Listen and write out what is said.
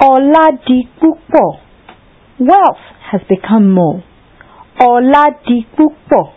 Oladipupo. Wealth has become more. Oladipupo.